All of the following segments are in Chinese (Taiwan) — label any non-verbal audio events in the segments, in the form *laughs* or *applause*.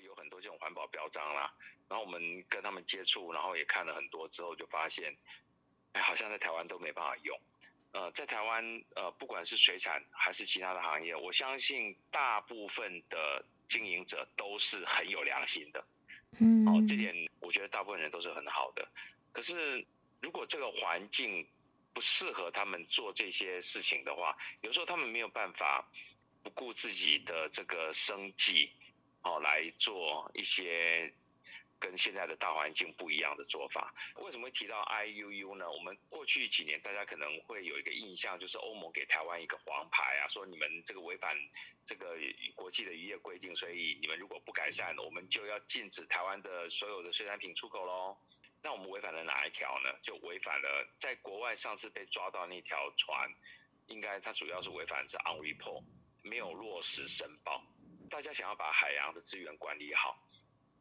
有很多這種環保標章啦，然後我們跟他們接觸，然後也看了很多之後，就發現，哎，好像在台灣都沒辦法用。呃，在台灣，呃，不管是水產還是其他的行業，我相信大部分的經營者都是很有良心的。嗯。哦，這點我覺得大部分人都是很好的。可是如果這個環境不適合他們做這些事情的話，有時候他們沒有辦法不顧自己的這個生計。好，來做一些跟現在的大環境不一樣的做法。為什麼會提到 IUU 呢？我們過去幾年，大家可能會有一個印象，就是歐盟給台灣一個黃牌啊，說你們這個違反這個國際的漁業規定，所以你們如果不改善，我們就要禁止台灣的所有的水產品出口嘍。那我們違反了哪一條呢？就違反了在國外上次被抓到那條船，應該它主要是違反這 unreport 沒有落實申報。大家想要把海洋的資源管理好，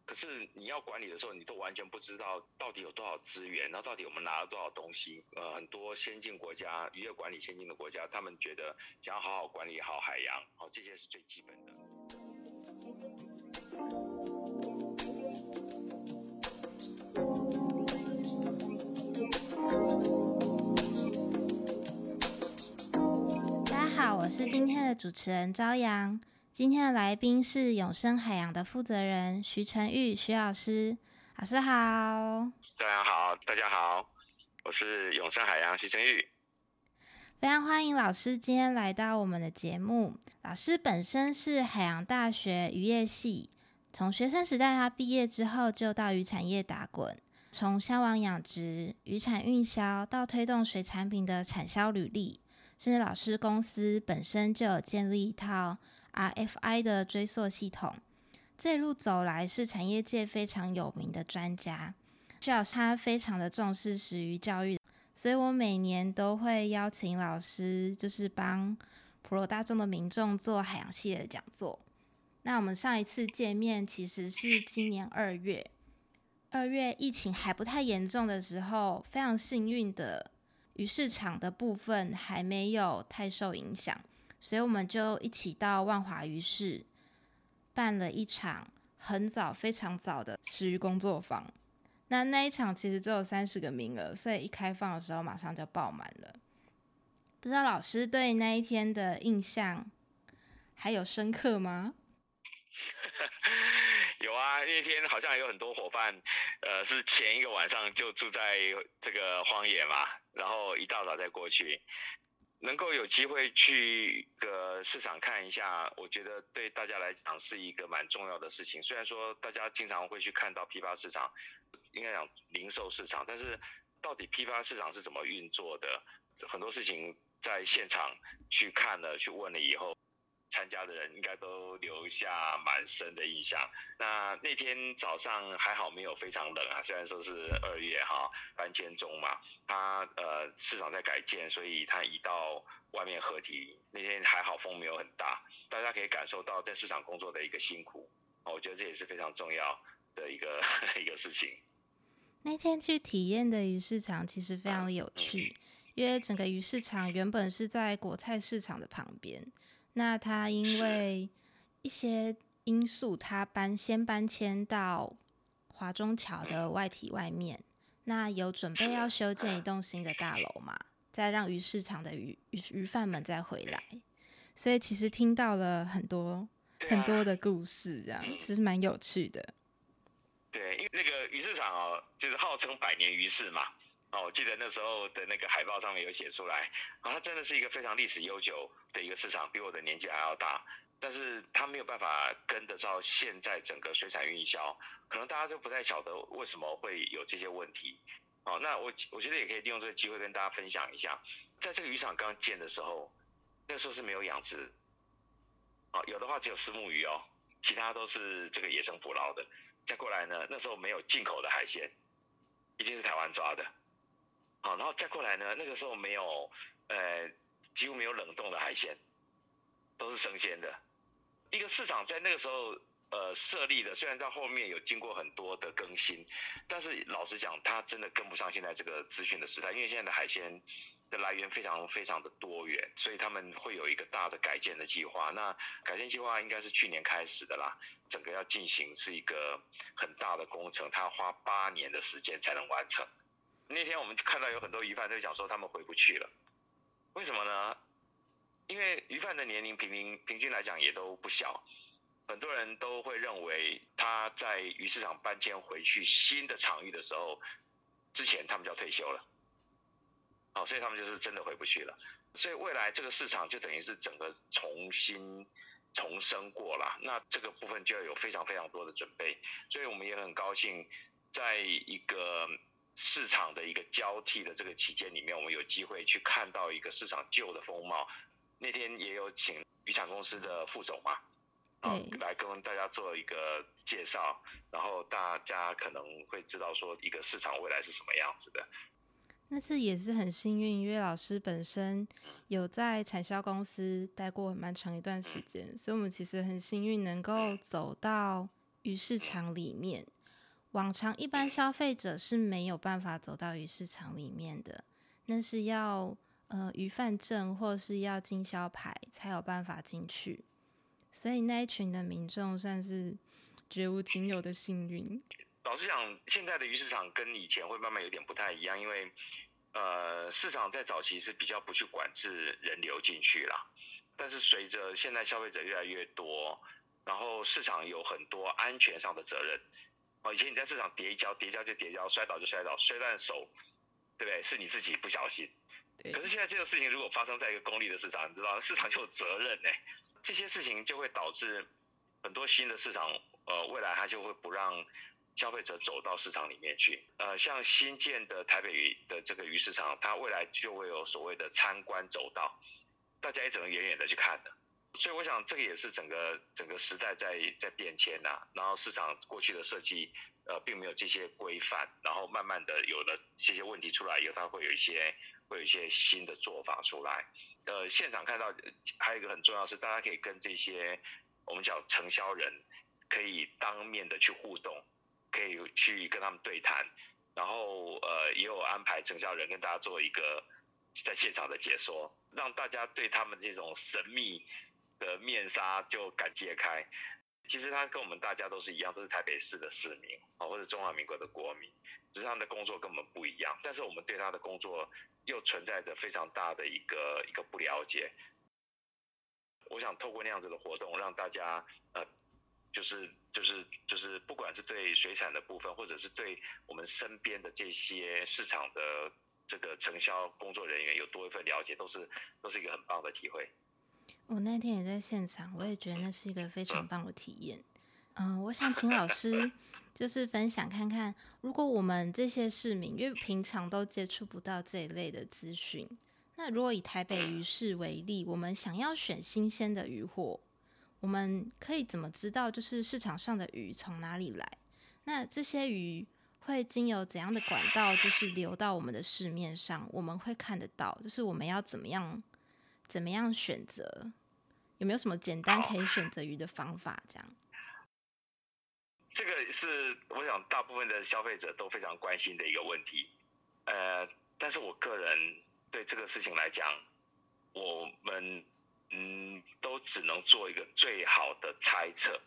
可是你要管理的時候，你都完全不知道到底有多少資源，然後到底我們拿了多少東西。呃，很多先進國家、漁業管理先進的國家，他們覺得想要好好管理好海洋，哦，這些是最基本的。大家好，我是今天的主持人朝陽。今天的來賓是湧升海洋的負責人徐承堉徐老師，老師好。大家好，大家好，我是湧升海洋徐承堉。非常歡迎老師今天來到我們的節目。老師本身是海洋大學漁業系，從學生時代他畢業之後就到漁產業打滾，從箱網養殖、漁產運銷到推動水產品的產銷履歷，甚至老師公司本身就有建立一套。RFI 的追溯系統，這一路走來是產業界非常有名的專家。需要他非常的重視食魚教育，所以我每年都會邀請老師，就是幫普羅大眾的民眾做海洋系列的講座。那我們上一次見面其實是今年二月，二月疫情還不太嚴重的時候，非常幸運的，魚市場的部分還沒有太受影響。所以我們就一起到萬華魚市辦了一場很早，非常早的食魚工作坊。那那一場其實只有三十個名額，所以一開放的時候馬上就爆滿了。不知道老師對那一天的印象還有深刻嗎？ *laughs* 有啊，那天好像有很多夥伴，呃，是前一個晚上就住在這個荒野嘛，然後一大早再過去。能夠有機會去個市場看一下，我覺得對大家來講是一個蠻重要的事情。雖然說大家經常會去看到批發市場，應該講零售市場，但是到底批發市場是怎麼運作的，很多事情在現場去看了、去問了以後。參加的人應該都留下滿深的印象。那那天早上還好沒有非常冷啊，雖然說是二月哈，搬、哦、遷中嘛，它呃市場在改建，所以它移到外面合體。那天還好風沒有很大，大家可以感受到在市場工作的一個辛苦，哦、我覺得這也是非常重要的一個呵呵一個事情。那天去體驗的魚市場其實非常有趣，嗯、因為整個魚市場原本是在果菜市場的旁邊。那他因為一些因素，他搬先搬遷到華中橋的外體外面。嗯、那有準備要修建一棟新的大樓嘛，啊、再讓魚市場的魚魚販們再回來。對所以其實聽到了很多、啊、很多的故事，這樣、嗯、其實蠻有趣的。對，因為那個魚市場哦，就是號稱百年魚市嘛。哦，我記得那時候的那個海報上面有寫出來，啊、哦，它真的是一個非常歷史悠久的一個市場，比我的年紀還要大，但是它沒有辦法跟得上現在整個水產運銷，可能大家都不太曉得為什麼會有這些問題。哦，那我我覺得也可以利用這個機會跟大家分享一下，在這個漁場剛建的時候，那時候是沒有養殖，啊、哦、有的話只有虱目魚哦，其他都是這個野生捕撈的。再過來呢，那時候沒有進口的海鮮，一定是台灣抓的。好，然後再過來呢？那個時候沒有，呃，幾乎沒有冷凍的海鮮，都是生鮮的。一個市場在那個時候，呃，設立的，雖然到後面有經過很多的更新，但是老實講，它真的跟不上現在這個資訊的時代，因為現在的海鮮的來源非常非常的多元，所以他們會有一個大的改建的計劃。那改建計劃應該是去年開始的啦，整個要進行是一個很大的工程，它要花八年的時間才能完成。那天我們就看到有很多魚販都講說他們回不去了，為什麼呢？因為魚販的年齡平平平均來講也都不小，很多人都會認為他在魚市場搬遷回去新的場域的時候，之前他們就要退休了，好、哦，所以他們就是真的回不去了。所以未來這個市場就等於是整個重新重生過了，那這個部分就要有非常非常多的準備。所以我們也很高興，在一個。市場的一個交替的這個期間裡面，我們有機會去看到一個市場舊的風貌。那天也有請漁產公司的副總嘛，啊對、哦，來跟大家做一個介紹，然後大家可能會知道說一個市場未來是什麼樣子的。那次也是很幸運，因為老師本身有在產銷公司待過蠻長一段時間，嗯、所以我們其實很幸運能夠走到魚市場裡面。嗯嗯。往常一般消費者是沒有辦法走到魚市場裡面的，那是要呃魚販證或是要經銷牌才有辦法進去，所以那一群的民眾算是絕無僅有的幸運。老實講，現在的魚市場跟以前會慢慢有點不太一樣，因為呃市場在早期是比較不去管制人流進去啦，但是隨着現在消費者越來越多，然後市場有很多安全上的責任。以前你在市場跌一跤，跌一跤就跌一跤，摔倒就摔倒，摔爛手，對不對？是你自己不小心。對可是現在這個事情如果發生在一個公立的市場，你知道市場就有責任哎、欸，這些事情就會導致很多新的市場，呃，未來它就會不讓消費者走到市場裡面去。呃，像新建的台北魚的這個魚市場，它未來就會有所謂的參觀走道，大家也只能遠遠的去看了。所以我想，這個也是整個整個時代在在變遷吶、啊。然後市場過去的設計，呃，並沒有這些規範，然後慢慢的有了這些問題出來以後，有它會有一些會有一些新的做法出來。呃，現場看到還有一個很重要是，大家可以跟這些我們叫承銷人可以當面的去互動，可以去跟他們對談。然後呃，也有安排承銷人跟大家做一個在現場的解說，讓大家對他們這種神秘的面紗就敢揭開，其實他跟我們大家都是一樣，都是台北市的市民啊，或者中華民國的國民。只是他的工作跟我們不一樣，但是我們對他的工作又存在着非常大的一個一個不了解。我想透過那樣子的活動，讓大家呃，就是就是就是，就是，不管是對水產的部分，或者是對我們身邊的這些市場的這個承銷工作人員有多一份了解，都是都是一個很棒的體會。我那天也在現場，我也覺得那是一個非常棒的體驗。嗯、呃，我想請老師就是分享看看，如果我們這些市民，因為平常都接觸不到這一類的資訊，那如果以台北魚市為例，我們想要選新鮮的漁獲，我們可以怎麼知道？就是市場上的魚從哪裡來？那這些魚會經由怎樣的管道，就是流到我們的市面上，我們會看得到，就是我們要怎麼樣？怎麼樣選擇？有沒有什麼簡單可以選擇魚的方法？這樣，這個是我想大部分的消費者都非常關心的一個問題。呃，但是我個人對這個事情來講，我們嗯，都只能做一個最好的猜測。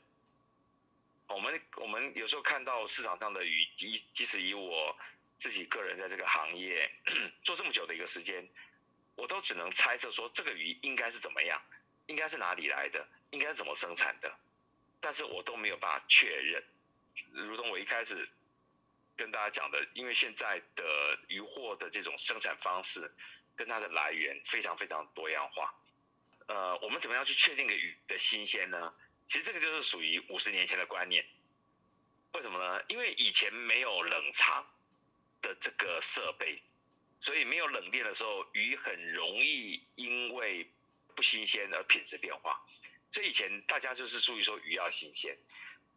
我們我們有時候看到市場上的魚，即即使以我自己個人在這個行業 *coughs* 做這麼久的一個時間。我都只能猜測說這個魚應該是怎麼樣，應該是哪裡來的，應該是怎麼生產的，但是我都沒有辦法確認。如同我一開始跟大家講的，因為現在的魚貨的這種生產方式跟它的來源非常非常多樣化。呃，我們怎麼樣去確定個魚的新鮮呢？其實這個就是屬於五十年前的觀念。為什麼呢？因為以前沒有冷藏的這個設備。所以沒有冷鏈的時候，魚很容易因為不新鮮而品質變化。所以以前大家就是注意說魚要新鮮，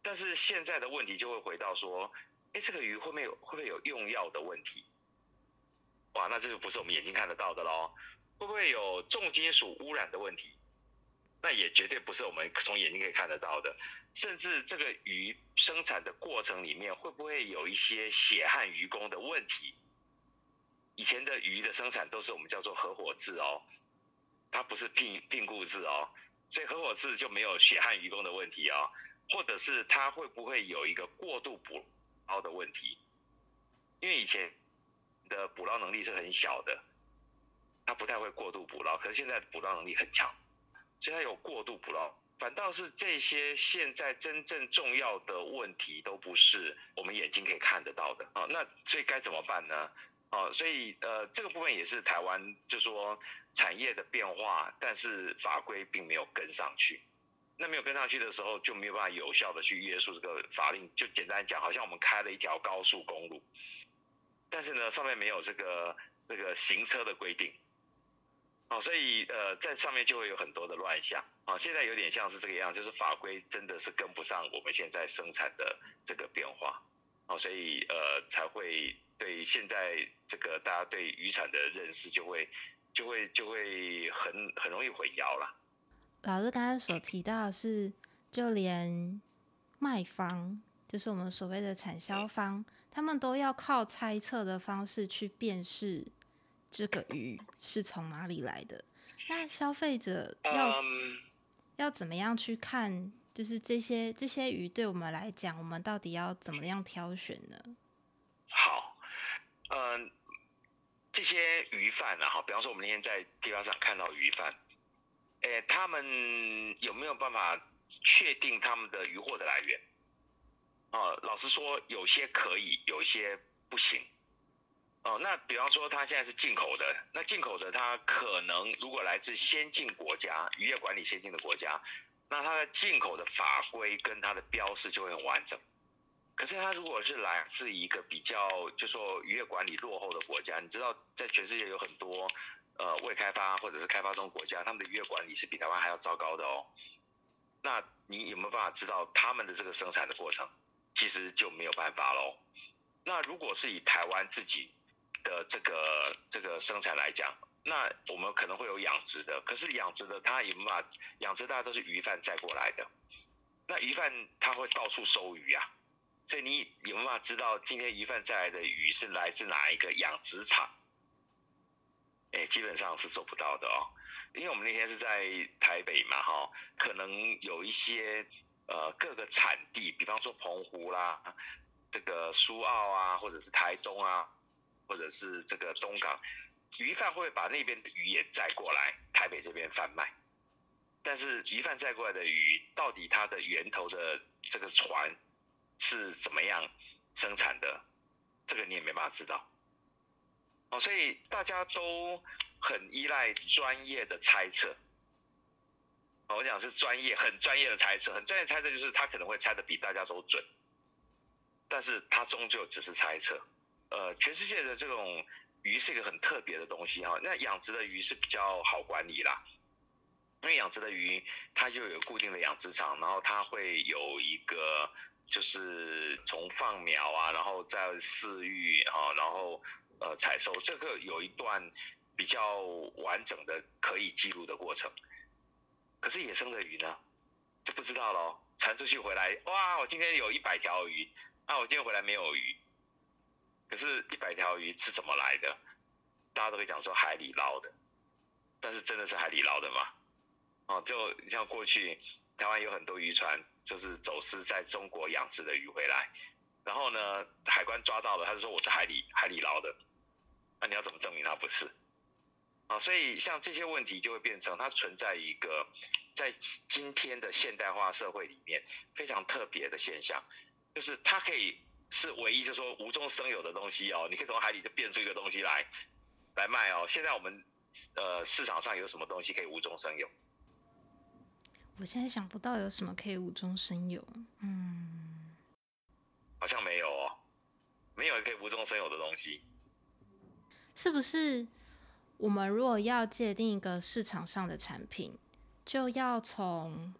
但是現在的問題就會回到說：哎，這個魚會不會有會不會有用藥的問題？哇，那這個不是我們眼睛看得到的咯，會不會有重金屬污染的問題？那也絕對不是我們從眼睛可以看得到的。甚至這個魚生產的過程裡面，會不會有一些血汗漁工的問題？以前的魚的生產都是我們叫做合夥制哦，它不是聘聘僱制哦，所以合夥制就沒有血汗漁工的問題哦，或者是它會不會有一個過度捕撈的問題？因為以前的捕撈能力是很小的，它不太會過度捕撈，可是現在捕撈能力很強，所以它有過度捕撈。反倒是這些現在真正重要的問題都不是我們眼睛可以看得到的啊，那所以該怎麼辦呢？哦、啊，所以呃，這個部分也是台灣就是說產業的變化，但是法規並沒有跟上去。那沒有跟上去的時候，就沒有辦法有效的去約束這個法令。就簡單講，好像我們開了一條高速公路，但是呢，上面沒有這個那個行車的規定。哦、啊，所以呃，在上面就會有很多的亂象。哦、啊，現在有點像是這個樣，就是法規真的是跟不上我們現在生產的這個變化。哦，所以呃，才會對現在這個大家對漁產的認識就會，就會就會很很容易混淆了。老師剛才所提到是，就連賣方，就是我們所謂的產銷方，嗯、他們都要靠猜測的方式去辨識這個魚是從哪裡來的。那消費者要、嗯、要怎麼樣去看？就是這些這些魚對我們來講，我們到底要怎麼樣挑選呢？好，嗯、呃，這些魚販啊。哈，比方說我們那天在地方上看到魚販，哎、欸，他們有沒有辦法確定他們的魚貨的來源？哦、呃，老實說，有些可以，有些不行。哦、呃，那比方說他現在是進口的，那進口的他可能如果來自先進國家，漁業管理先進的國家。那它的進口的法規跟它的標示就會很完整，可是它如果是來自一個比較就說漁業管理落後的國家，你知道在全世界有很多呃未開發或者是開發中國家，他們的漁業管理是比台灣還要糟糕的哦。那你有沒有辦法知道他們的這個生產的過程？其實就沒有辦法嘍。那如果是以台灣自己的這個這個生產來講，那我們可能會有養殖的，可是養殖的它有沒有辦法養殖，大家都是魚販載過來的。那魚販他會到處收魚啊，所以你有沒有辦法知道今天魚販帶來的魚是來自哪一個養殖場？哎、欸，基本上是做不到的哦，因為我們那天是在台北嘛，哈，可能有一些呃各個產地，比方說澎湖啦，這個蘇澳啊，或者是台東啊，或者是這個東港。魚販會不會把那邊的魚也載過來台北這邊販賣，但是魚販載過來的魚到底它的源頭的這個船是怎麼樣生產的，這個你也沒辦法知道。哦、所以大家都很依賴專業的猜測、哦。我講是專業，很專業的猜測，很專業的猜測就是他可能會猜得比大家都準，但是他終究只是猜測。呃，全世界的這種。魚是一個很特別的東西哈，那養殖的魚是比較好管理啦，因為養殖的魚它就有固定的養殖場，然後它會有一個就是從放苗啊，然後再飼育啊，然後，然後呃採收，這個有一段比較完整的可以記錄的過程。可是野生的魚呢就不知道了，船出去回來，哇，我今天有一百條魚，啊，我今天回來沒有魚。可是，一百條魚是怎麼來的？大家都可以講說海裡撈的，但是真的是海裡撈的嗎？哦、啊，就你像過去台灣有很多漁船，就是走私在中國養殖的魚回來，然後呢，海關抓到了，他就說我是海裡海裡撈的，那你要怎麼證明它不是？啊，所以像這些問題就會變成它存在一個在今天的現代化社會裡面非常特別的現象，就是它可以。是唯一就是說無中生有的東西哦，你可以從海裡就變出一個東西來，來賣哦。現在我們呃市場上有什麼東西可以無中生有？我現在想不到有什麼可以無中生有，嗯，好像沒有哦，沒有可以無中生有的東西，是不是？我們如果要界定一個市場上的產品，就要從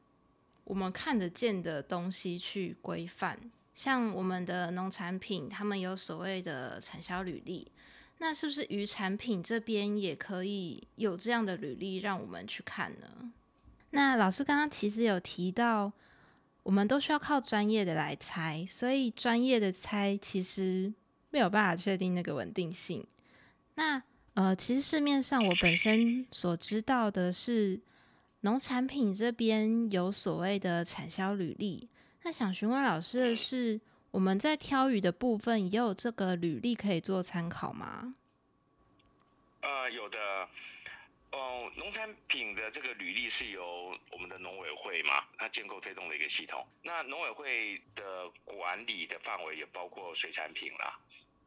我們看得見的東西去規範。像我們的農產品，他們有所謂的產銷履歷，那是不是魚產品這邊也可以有這樣的履歷讓我們去看呢？那老師剛剛其實有提到，我們都需要靠專業的來猜，所以專業的猜其實沒有辦法確定那個穩定性。那呃，其實市面上我本身所知道的是，農產品這邊有所謂的產銷履歷。那想詢問老師的是，我們在挑魚的部分也有這個履歷可以做參考嗎？呃，有的。哦，農產品的這個履歷是由我們的農委會嘛，它建構推動的一個系統。那農委會的管理的範圍也包括水產品啦。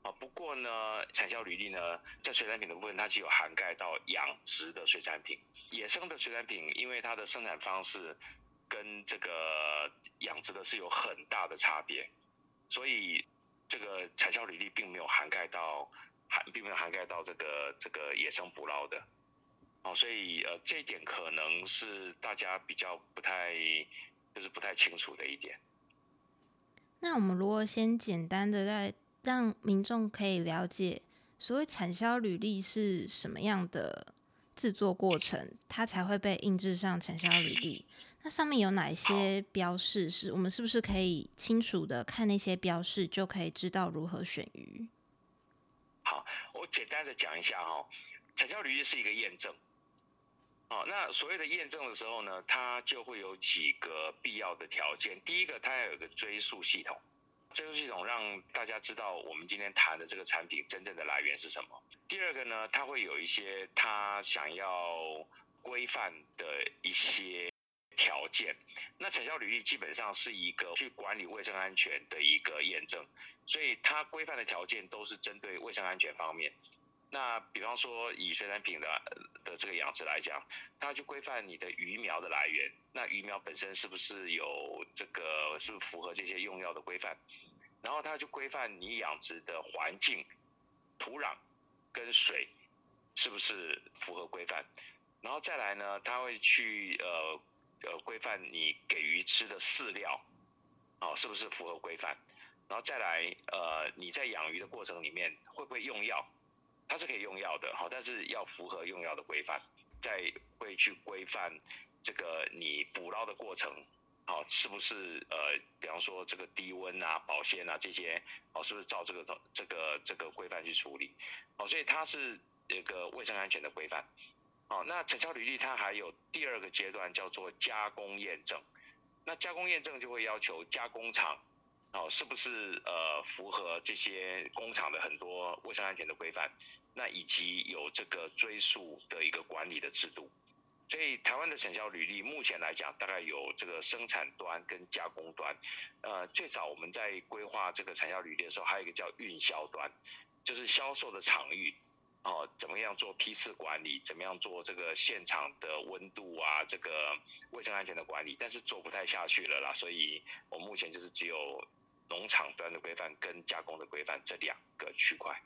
啊、哦，不過呢，產銷履歷呢，在水產品的部分，它既有涵蓋到養殖的水產品，野生的水產品，因為它的生產方式。跟這個養殖的是有很大的差別，所以這個產銷履歷並沒有涵蓋到，涵並沒有涵蓋到這個這個野生捕撈的，哦，所以呃這一點可能是大家比較不太就是不太清楚的一點。那我們如果先簡單的在讓民眾可以了解所謂產銷履歷是什麼樣的制作過程，它才會被印制上產銷履歷。那上面有哪一些標示？好是我們是不是可以清楚的看那些標示，就可以知道如何選魚？好，我簡單的講一下哈、哦。產銷履歷是一個驗證。好，那所謂的驗證的時候呢，它就會有幾個必要的條件。第一個，它要有一個追溯系統，追溯系統讓大家知道我們今天談的這個產品真正的來源是什麼。第二個呢，它會有一些它想要規範的一些。條件，那產銷履歷基本上是一個去管理衛生安全的一個驗證，所以它規範的條件都是針對衛生安全方面。那比方說，以水產品的的這個養殖來講，它就規範你的魚苗的來源，那魚苗本身是不是有這個，是不是符合這些用藥的規範？然後它就規範你養殖的環境、土壤跟水是不是符合規範？然後再來呢，它會去呃。呃，規範你給魚吃的飼料，好，是不是符合規範？然後再來，呃，你在養魚的過程裡面會不會用藥？它是可以用藥的，好，但是要符合用藥的規範。再會去規範這個你捕撈的過程，好，是不是呃，比方說這個低溫啊、保鮮啊這些，好，是不是照這個這這個這個規範去處理？好，所以它是一個衛生安全的規範。好，那產銷履歷它還有第二個階段叫做加工驗證，那加工驗證就會要求加工廠，好，是不是呃，符合這些工廠的很多衛生安全的規範，那以及有這個追溯的一個管理的制度。所以台灣的產銷履歷目前來講，大概有這個生產端跟加工端，呃，最早我們在規劃這個產銷履歷的時候，還有一個叫運銷端，就是銷售的場域。哦，怎麼樣做批次管理？怎麼樣做這個現場的溫度啊？這個衛生安全的管理，但是做不太下去了啦。所以，我目前就是只有農場端的規範跟加工的規範這兩個區塊。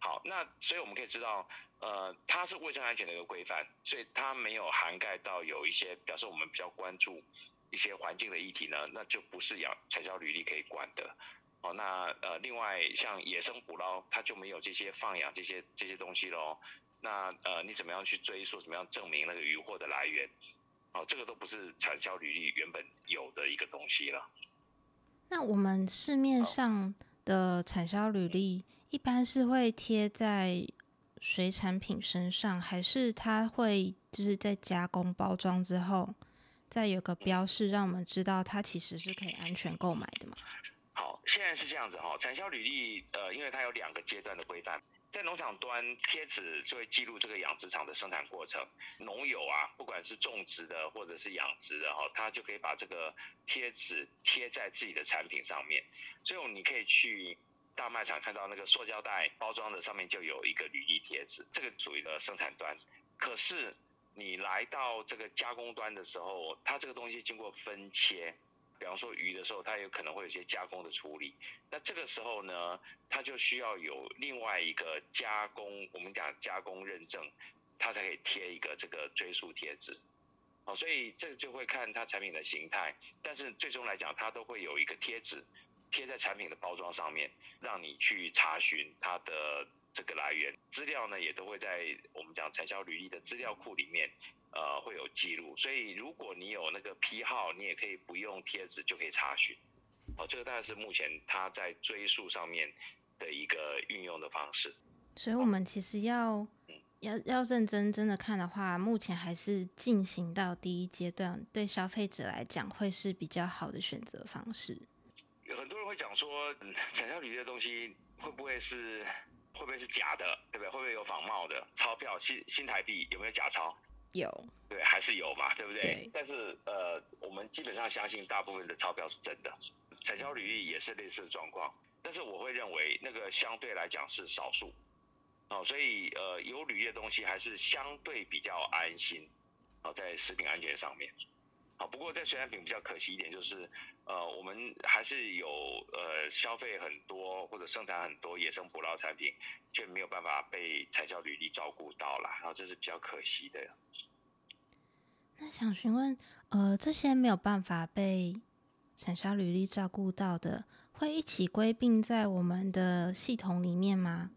好，那所以我們可以知道，呃，它是衛生安全的一個規範，所以它沒有涵蓋到有一些，比方說，我們比較關注一些環境的議題呢，那就不是要產銷履歷可以管的。哦，那呃，另外像野生捕撈，它就沒有這些放養這些這些東西嘍。那呃，你怎麼樣去追溯？怎麼樣證明那個漁獲的來源？哦，這個都不是產銷履歷原本有的一個東西了。那我們市面上的產銷履歷，哦，一般是會貼在水產品身上，還是它會就是在加工包裝之後，再有個標示讓我們知道它其實是可以安全購買的嗎？現在是這樣子哈，產銷履歷呃，因為它有兩個階段的規範，在農場端貼紙就會記錄這個養殖場的生產過程，農友啊，不管是種植的或者是養殖的哈，他就可以把這個貼紙貼在自己的產品上面，所以你可以去大賣場看到那個塑膠袋包裝的上面就有一個履歷貼紙，這個屬於的生產端。可是你來到這個加工端的時候，它這個東西經過分切。比方說魚的時候，它有可能會有一些加工的處理，那這個時候呢，它就需要有另外一個加工，我們講加工認證，它才可以貼一個這個追溯貼紙。好，所以這就會看它產品的形態，但是最終來講，它都會有一個貼紙貼在產品的包裝上面，讓你去查詢它的這個來源。資料呢，也都會在我們講產銷履歷的資料庫裡面。呃，會有記錄，所以如果你有那個批號，你也可以不用貼紙就可以查詢。哦，這個當然是目前他在追溯上面的一個運用的方式。所以，我們其實要、哦、要要認真真的看的話，目前還是進行到第一階段，對消費者來講會是比較好的選擇方式。有很多人會講說，嗯，產銷履歷的東西會不會是、會不會是假的？對不對？會不會有仿冒的鈔票？新新台幣有沒有假鈔？有，對，還是有嘛，對不對？對，但是呃，我們基本上相信大部分的鈔票是真的，產銷履歷也是類似的狀況，但是我會認為那個相對來講是少數，哦，所以呃，有履歷的東西還是相對比較安心，哦，在食品安全上面。好，不過在水產品比較可惜一點就是，呃，我們還是有呃消費很多或者生產很多野生捕撈產品，卻沒有辦法被產銷履歷照顧到啦，然後這是比較可惜的。那想詢問，呃，這些沒有辦法被產銷履歷照顧到的，會一起歸併在我們的系統裡面嗎？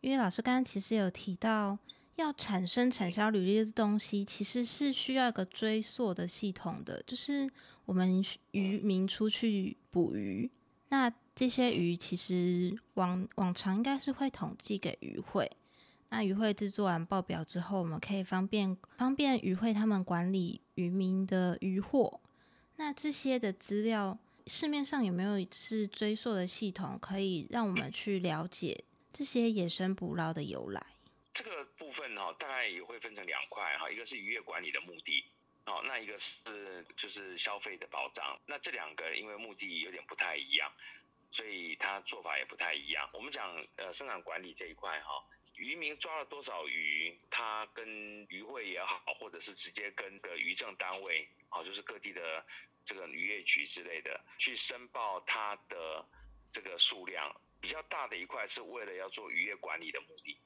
因為老師剛剛其實有提到。要產生產銷履歷的東西，其實是需要一個追溯的系統的。就是我們漁民出去捕魚，那這些魚其實往往常應該是會統計給漁會。那漁會製作完報表之後，我們可以方便方便漁會他們管理漁民的漁獲。那這些的資料，市面上有沒有一次追溯的系統，可以讓我們去了解這些野生捕撈的由來？這個。部分哈，大概也會分成兩塊哈，一個是漁業管理的目的，好，那一個是就是消費的保障。那這兩個因為目的有點不太一樣，所以它做法也不太一樣。我們講呃生產管理這一塊哈，漁民抓了多少魚，他跟漁會也好，或者是直接跟個漁政單位，好，就是各地的這個漁業局之類的去申報它的這個數量。比較大的一塊是為了要做漁業管理的目的。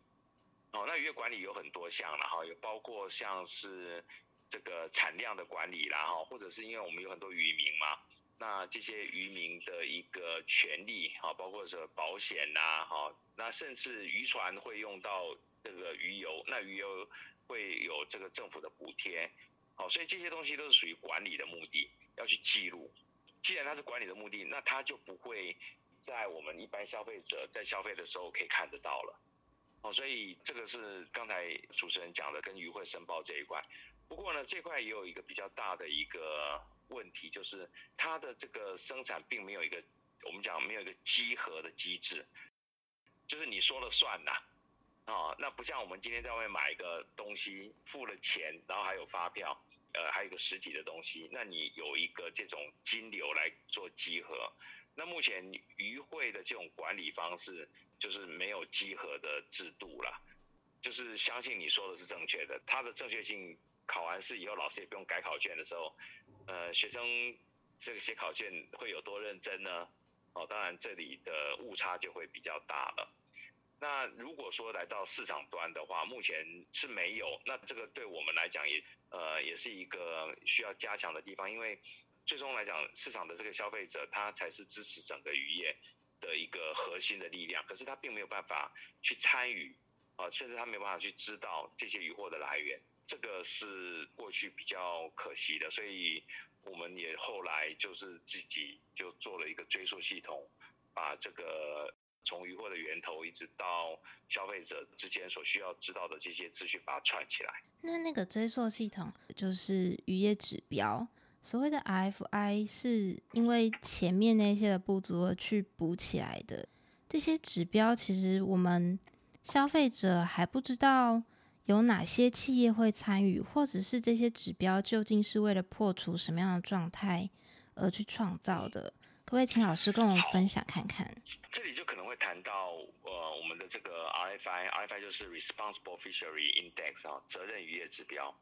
哦，那漁業管理有很多項，然後也包括像是這個產量的管理啦哈，或者是因為我們有很多漁民嘛，那這些漁民的一個權利啊，包括是保險吶哈，那甚至漁船會用到這個魚油，那魚油會有這個政府的補貼，好，哦，所以這些東西都是屬於管理的目的，要去記錄。既然它是管理的目的，那它就不會在我們一般消費者在消費的時候可以看得到了。哦，所以這個是剛才主持人講的跟漁會申報這一塊，不過呢，這塊也有一個比較大的一個問題，就是它的這個生產並沒有一個我們講沒有一個稽核的機制，就是你說了算吶，啊，哦，那不像我們今天在外面買一個東西，付了錢，然後還有發票，呃，還有一個實體的東西，那你有一個這種金流來做稽核。那目前漁會的這種管理方式就是沒有稽核的制度啦。就是相信你說的是正確的，它的正確性考完試以後，老師也不用改考卷的時候，呃，學生這個寫考卷會有多認真呢？哦，當然這裡的誤差就會比較大了。那如果說來到市場端的話，目前是沒有，那這個對我們來講也呃也是一個需要加強的地方，因為。最終來講，市場的這個消費者，他才是支持整個漁業的一個核心的力量。可是他並沒有辦法去參與，啊、呃，甚至他沒有辦法去知道這些魚貨的來源，這個是過去比較可惜的。所以我們也後來就是自己就做了一個追溯系統，把這個從魚貨的源頭一直到消費者之間所需要知道的這些資訊，把它串起來。那那個追溯系統就是漁業指標。所謂的 RFI 是因為前面那些的不足而去補起來的。這些指標其實我們消費者還不知道有哪些企業會參與，或者是這些指標究竟是為了破除什麼樣的狀態而去創造的？可不可以請老師跟我們分享看看？這裡就可能會談到呃，我們的這個 RFI，RFI 就是 Responsible Fishery Index 啊，責任漁業指標。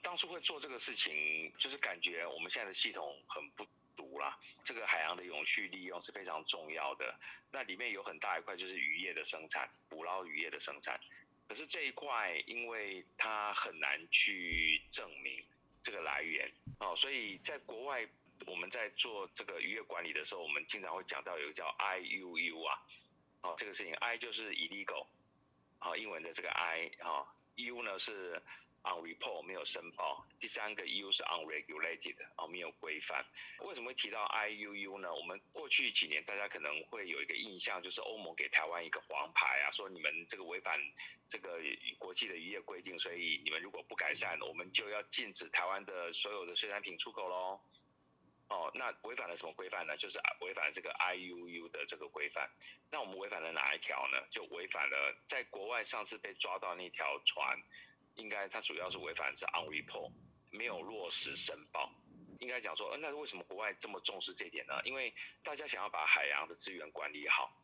當初會做這個事情，就是感覺我們現在的系統很不足啦。這個海洋的永續利用是非常重要的，那裡面有很大一塊就是漁業的生產，捕撈漁業的生產。可是這一塊，因為它很難去證明這個來源，哦，所以在國外我們在做這個漁業管理的時候，我們經常會講到有個叫 I U U 啊，哦，這個事情 I 就是 illegal，哦，英文的這個 I，哈，哦，U 呢是。Unreport 沒有申報，第三個、e、U 是 unregulated 啊，哦，沒有規範。為什麼會提到 I U U 呢？我們過去幾年大家可能會有一個印象，就是歐盟給台灣一個黃牌啊，說你們這個違反這個國際的漁業規定，所以你們如果不改善，我們就要禁止台灣的所有的水產品出口嘍。哦，那違反了什麼規範呢？就是違反這個 I U U 的這個規範。那我們違反了哪一條呢？就違反了在國外上次被抓到那條船。應該它主要是違反這 unreport 沒有落實申報，應該講說，呃，那為什麼國外這麼重視這一點呢？因為大家想要把海洋的資源管理好，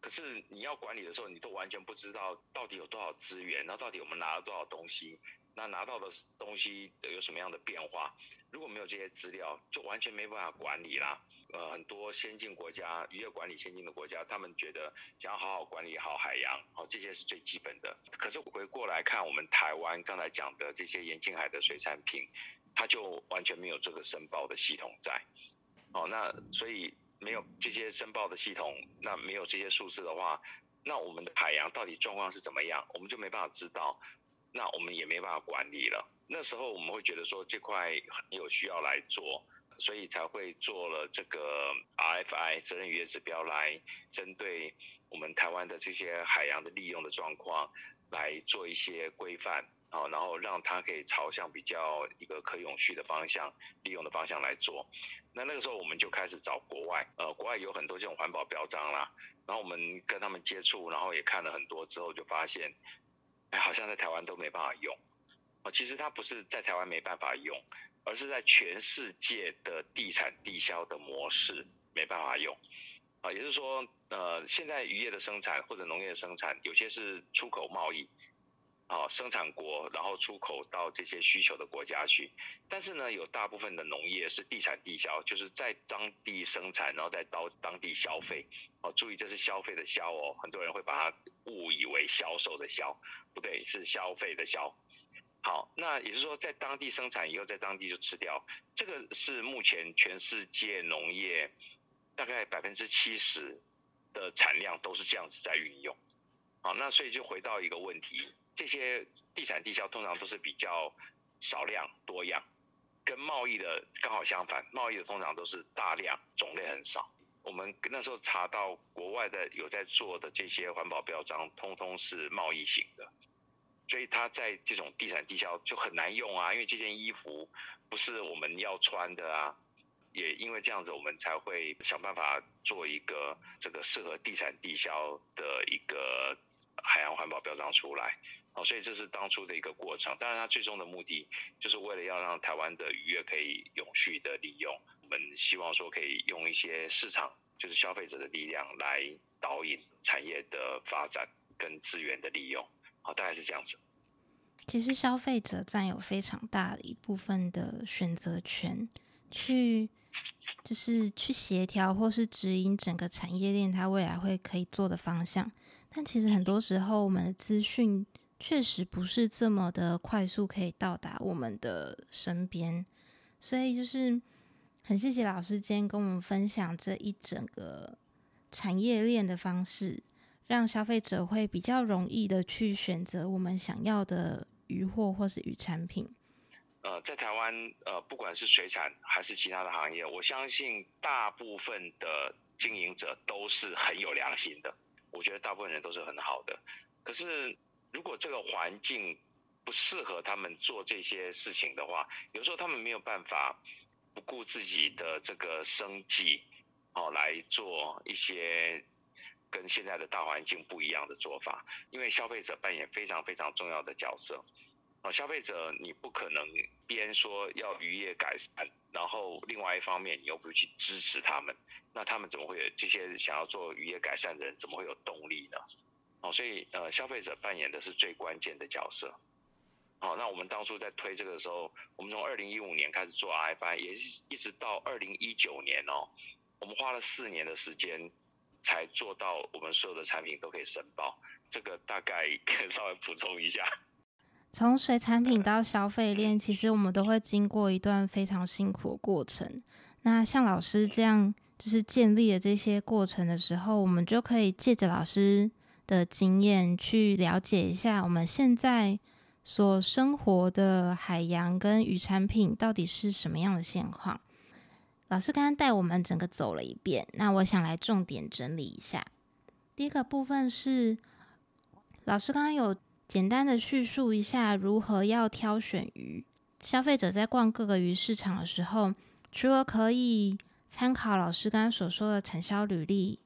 可是你要管理的時候，你都完全不知道到底有多少資源，然後到底我們拿了多少東西。那拿到的東西有什麼樣的變化？如果沒有這些資料，就完全沒辦法管理啦。呃，很多先進國家、漁業管理先進的國家，他們覺得想要好好管理好海洋，哦，這些是最基本的。可是回過來看，我們台灣剛才講的這些沿近海的水產品，它就完全沒有這個申報的系統在。哦，那所以沒有這些申報的系統，那沒有這些數字的話，那我們的海洋到底狀況是怎麼樣，我們就沒辦法知道。那我們也沒辦法管理了。那時候我們會覺得說這塊很有需要來做，所以才會做了這個 RFI 責任漁業指標，來針對我們台灣的這些海洋的利用的狀況來做一些規範，好，然後讓它可以朝向比較一個可永續的方向利用的方向來做。那那個時候我們就開始找國外，呃，國外有很多這種環保標章啦，然後我們跟他們接觸，然後也看了很多之後就發現。哎，好像在台灣都沒辦法用，啊，其實它不是在台灣沒辦法用，而是在全世界的地產地銷的模式沒辦法用，啊，也就是說，呃，現在漁業的生產或者農業的生產，有些是出口貿易。啊，生產國然後出口到這些需求的國家去，但是呢，有大部分的農業是地產地消，就是在當地生產，然後在當地消費。哦，注意這是消費的消哦，很多人會把它誤以為銷售的銷，不對，是消費的消。好，那也就是說，在當地生產以後，在當地就吃掉，這個是目前全世界農業大概百分之七十的產量都是這樣子在運用。好，那所以就回到一個問題。這些地產地銷通常都是比較少量多樣，跟貿易的剛好相反。貿易的通常都是大量種類很少。我們那時候查到國外的有在做的這些環保標章，通通是貿易型的。所以它在這種地產地銷就很難用啊，因為這件衣服不是我們要穿的啊。也因為這樣子，我們才會想辦法做一個這個適合地產地銷的一個。海洋環保標章出來，哦，所以這是當初的一個過程。當然，它最終的目的就是為了要讓台灣的漁業可以永續的利用。我們希望說可以用一些市場，就是消費者的力量來導引產業的發展跟資源的利用。好，大概是這樣子。其實，消費者佔有非常大的一部分的選擇權，去就是去協調或是指引整個產業鏈，它未來會可以做的方向。但其實很多時候，我們的資訊確實不是這麼的快速可以到達我們的身邊，所以就是很謝謝老師今天跟我們分享這一整個產業鏈的方式，讓消費者會比較容易的去選擇我們想要的漁獲或是漁產品。呃，在台灣，呃，不管是水產還是其他的行業，我相信大部分的經營者都是很有良心的。我覺得大部分人都是很好的，可是如果這個環境不適合他們做這些事情的話，有時候他們沒有辦法不顧自己的這個生計，哦，來做一些跟現在的大環境不一樣的做法，因為消費者扮演非常非常重要的角色。哦，消費者，你不可能邊說要漁業改善，然後另外一方面你又不去支持他們，那他們怎麼會有這些想要做漁業改善的人怎麼會有動力呢？哦，所以呃，消費者扮演的是最關鍵的角色。哦，那我們當初在推這個時候，我們從二零一五年開始做 RFI，也一直到二零一九年哦，我們花了四年的時間才做到我們所有的產品都可以申報。這個大概可以稍微補充一下。從水產品到消費鏈，其實我們都會經過一段非常辛苦的過程。那像老師這樣，就是建立了這些過程的時候，我們就可以借着老師的經驗去了解一下我們現在所生活的海洋跟魚產品到底是什麼樣的現況。老師剛剛帶我們整個走了一遍，那我想來重點整理一下。第一個部分是老師剛剛有，簡單的敘述一下如何要挑選魚。消費者在逛各個魚市場的時候，除了可以參考老師剛剛所說的產銷履歷，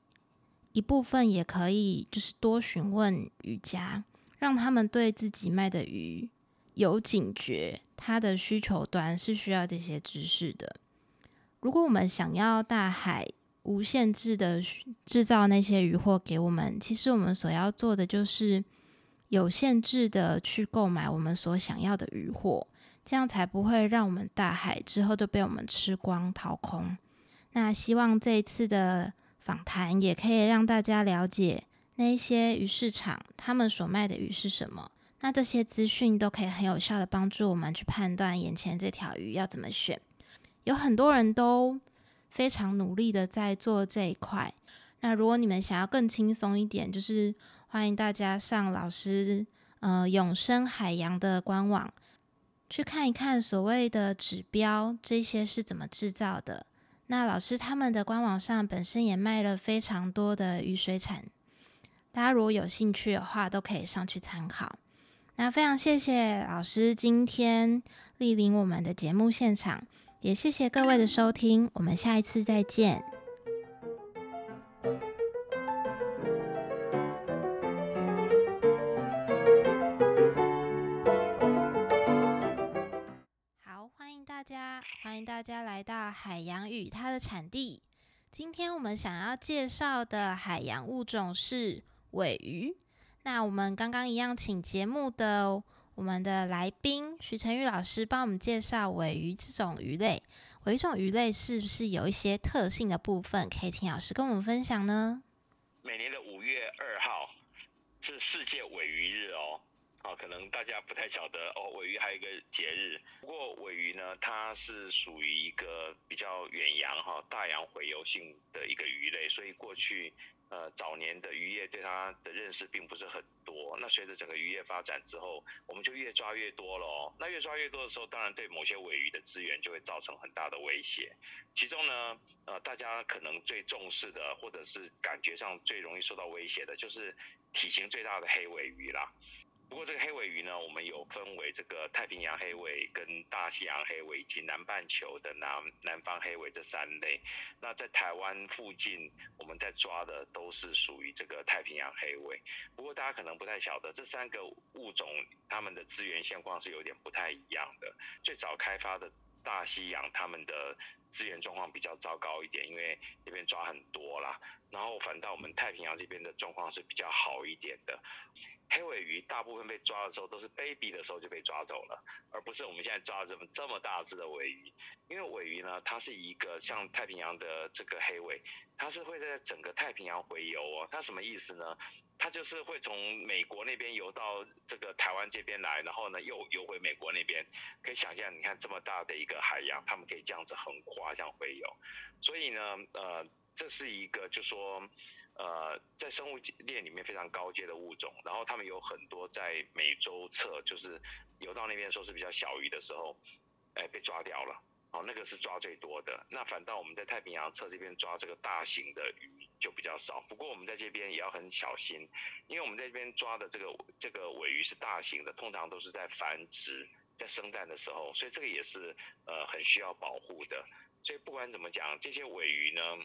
一部分也可以就是多詢問魚家，讓他們對自己賣的魚有警覺，它的需求端是需要這些知識的。如果我們想要大海無限制的製造那些漁貨給我們，其實我們所要做的就是。有限制的去購買我們所想要的魚貨，這樣才不會讓我們大海之後都被我們吃光掏空。那希望這一次的訪談也可以讓大家了解那一些魚市場，他們所賣的魚是什麼。那這些資訊都可以很有效的幫助我們去判斷眼前這條魚要怎麼選。有很多人都非常努力的在做這一塊。那如果你們想要更輕鬆一點，就是。歡迎大家上老師呃湧升海洋的官網去看一看所謂的指標這些是怎麼制造的。那老師他們的官網上本身也賣了非常多的魚水產，大家如果有興趣的話都可以上去參考。那非常謝謝老師今天莅臨我們的節目現場，也謝謝各位的收聽，我們下一次再見。歡迎大家來到海洋與它的產地。今天我們想要介紹的海洋物種是鮪魚。那我們剛剛一樣，請節目的我們的來賓徐承堉老師幫我們介紹鮪魚這種魚類。鮪魚種魚類是不是有一些特性的部分？可以請老師跟我們分享呢？每年的五月二號是世界鮪魚日哦。啊，可能大家不太曉得哦，鮪魚還有一個節日。不過鮪魚呢，它是屬於一個比較遠洋哈、哦、大洋洄游性的一個魚類，所以過去呃早年的漁業對它的認識並不是很多。那隨着整個漁業發展之後，我們就越抓越多了。那越抓越多的時候，當然對某些鮪魚的資源就會造成很大的威脅。其中呢，呃，大家可能最重視的，或者是感覺上最容易受到威脅的，就是體型最大的黑鮪魚啦。不過這個黑鮪魚呢，我們有分為這個太平洋黑鮪，跟大西洋黑鮪以及南半球的南南方黑鮪這三類。那在台灣附近，我們在抓的都是屬於這個太平洋黑鮪。不過大家可能不太曉得，這三個物種它們的資源現況是有點不太一樣的。最早開發的大西洋，它們的資源狀況比較糟糕一點，因為那邊抓很多啦。然後反倒我們太平洋這邊的狀況是比較好一點的。黑鮪魚大部分被抓的時候都是 baby 的時候就被抓走了，而不是我們現在抓這麼這麼大隻的鮪魚。因為鮪魚呢，它是一個像太平洋的這個黑鮪，它是會在整個太平洋洄游哦。它什麼意思呢？它就是會從美國那邊游到這個台灣這邊來，然後呢又游回美國那邊。可以想象，你看這麼大的一個海洋，他們可以這樣子橫跨。好像會有，所以呢，呃，這是一個就是說，呃，在生物鏈裡面非常高階的物種。然後他們有很多在美洲側，就是游到那邊時候是比較小魚的時候，哎、欸，被抓掉了。好、哦，那個是抓最多的。那反倒我們在太平洋側這邊抓這個大型的魚就比較少。不過我們在這邊也要很小心，因為我們在這邊抓的這個這個鮪魚是大型的，通常都是在繁殖、在生蛋的時候，所以這個也是呃很需要保護的。所以不管怎麼講，這些鮪魚呢，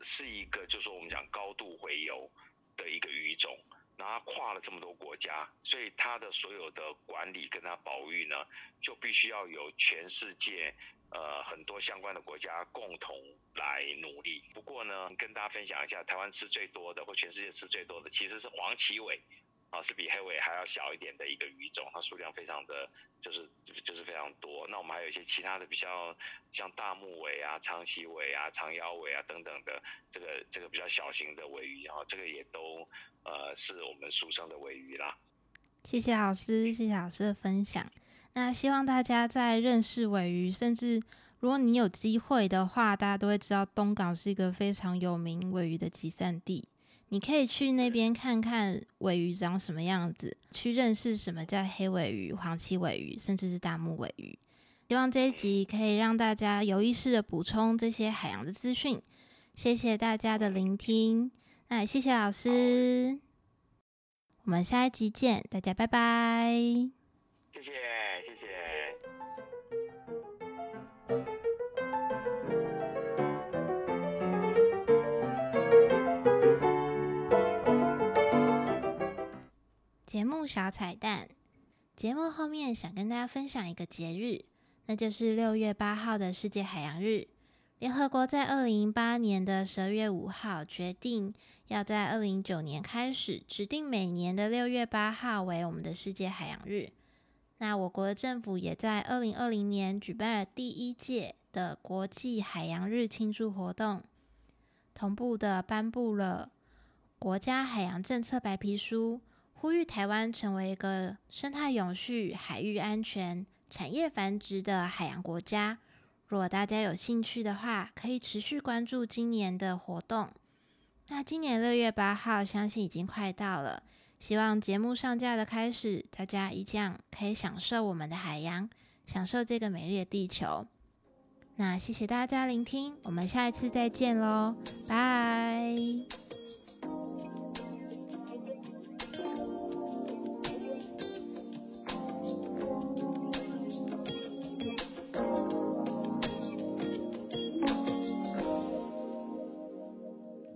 是一個就是說我們講高度洄游的一個魚種，然後它跨了這麼多國家，所以它的所有的管理跟它保育呢，就必須要有全世界呃很多相關的國家共同來努力。不過呢，跟大家分享一下，台灣吃最多的，或全世界吃最多的，其實是黃鰭鮪。是比黑鮪還要小一點的一個魚種，它數量非常的，就是就是非常多。那我們還有一些其他的比較像大目鮪啊、長鰭鮪啊、長腰鮪啊、鮪啊等等的，這個這個比較小型的鮪魚，然後這個也都呃是我們俗稱的鮪魚啦。謝謝老師，謝謝老師的分享。那希望大家在認識鮪魚，甚至如果你有機會的話，大家都會知道東港是一個非常有名鮪魚的集散地。你可以去那邊看看鮪魚長什麼樣子，去認識什麼叫黑鮪魚、黃鰭鮪魚，甚至是大目鮪魚。希望這一集可以讓大家有意識的補充這些海洋的資訊。謝謝大家的聆聽，那、哎、謝謝老師，我們下一集見，大家拜拜。謝謝，謝謝。節目小彩蛋，節目後面想跟大家分享一個節日，那就是六月八號的世界海洋日。聯合國在二零零八年的十二月五號決定，要在二零一九年開始指定每年的六月八號為我們的世界海洋日。那我國的政府也在二零二零年舉辦了第一屆的國際海洋日慶祝活動，同步的頒布了國家海洋政策白皮書。呼籲台灣成為一個生態永續、海域安全、產業繁殖的海洋國家。如果大家有興趣的話，可以持續關注今年的活動。那今年六月八號，相信已經快到了。希望節目上架的開始，大家一樣可以享受我們的海洋，享受這個美麗的地球。那謝謝大家聆聽，我們下一次再見嘍，拜。